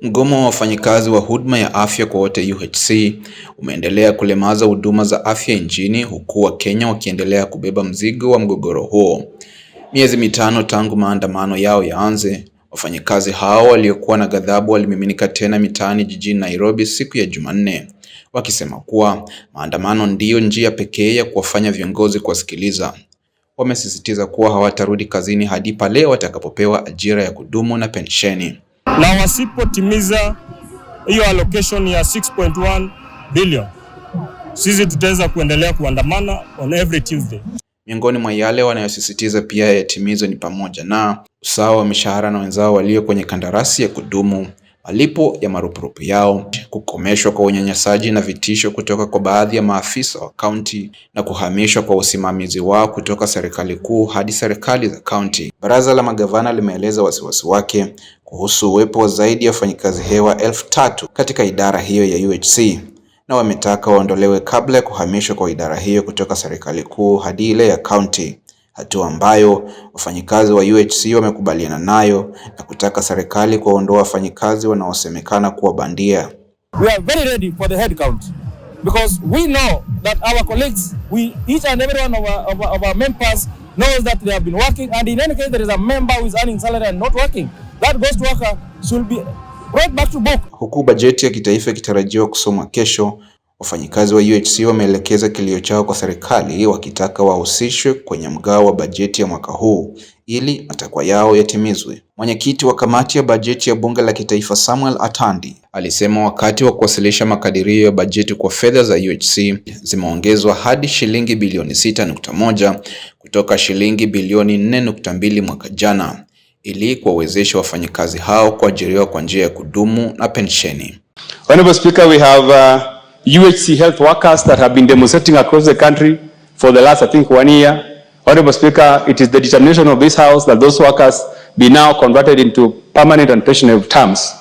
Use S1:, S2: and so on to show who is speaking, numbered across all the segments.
S1: Mgomo wa wafanyikazi wa huduma ya afya kwa wote UHC umeendelea kulemaza huduma za afya nchini huku Wakenya wakiendelea kubeba mzigo wa mgogoro huo. Miezi mitano tangu maandamano yao yaanze, wafanyikazi hao waliokuwa na ghadhabu walimiminika tena mitaani jijini Nairobi siku ya Jumanne, wakisema kuwa maandamano ndiyo njia pekee ya kuwafanya viongozi kuwasikiliza. Wamesisitiza kuwa hawatarudi kazini hadi pale watakapopewa ajira ya kudumu na pensheni
S2: na wasipotimiza hiyo allocation ya 6.1 billion, sisi tutaweza kuendelea kuandamana on every Tuesday.
S1: Miongoni mwa yale wanayosisitiza pia yatimizwe ni pamoja na usawa wa mishahara na wenzao walio kwenye kandarasi ya kudumu malipo ya marupurupu yao, kukomeshwa kwa unyanyasaji na vitisho kutoka kwa baadhi ya maafisa wa kaunti na kuhamishwa kwa usimamizi wao kutoka serikali kuu hadi serikali za kaunti. Baraza la magavana limeeleza wasiwasi wake kuhusu uwepo wa zaidi ya wafanyikazi hewa elfu tatu katika idara hiyo ya UHC na wametaka waondolewe kabla ya kuhamishwa kwa idara hiyo kutoka serikali kuu hadi ile ya kaunti hatua ambayo wafanyikazi wa UHC wamekubaliana nayo na kutaka serikali kuwaondoa wafanyikazi wanaosemekana kuwa bandia.
S3: We are very ready for the head count because we know that our colleagues, we each and every one of our, of of our members knows that they have been working and in any case there is a member who is earning salary and not working. That ghost worker should be brought back to book.
S1: Huku bajeti ya kitaifa ikitarajiwa kusomwa kesho Wafanyikazi wa UHC wameelekeza kilio chao kwa serikali wakitaka wahusishwe kwenye mgao wa bajeti ya mwaka huu ili matakwa yao yatimizwe. Mwenyekiti wa kamati ya bajeti ya bunge la kitaifa Samuel Atandi alisema wakati wa kuwasilisha makadirio ya bajeti kwa fedha za UHC zimeongezwa hadi shilingi bilioni 6.1 kutoka shilingi bilioni 4.2 mwaka jana ili kuwawezesha wafanyikazi hao kuajiriwa kwa njia ya kudumu na pensheni.
S4: Honorable Speaker, we have uh... UHC health workers that have been demonstrating across the country for the last, I think, one year. Honorable Speaker, it is the determination of this House that those workers be now converted into permanent and pensionable terms.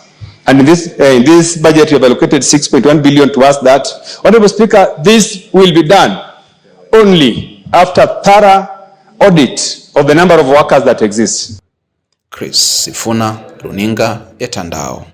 S4: And in this, uh, in this budget, we have allocated 6.1 billion to us that. Honorable Speaker, this will be done only after thorough audit of the number of workers that exist.
S1: Chris Sifuna, Runinga Etandao.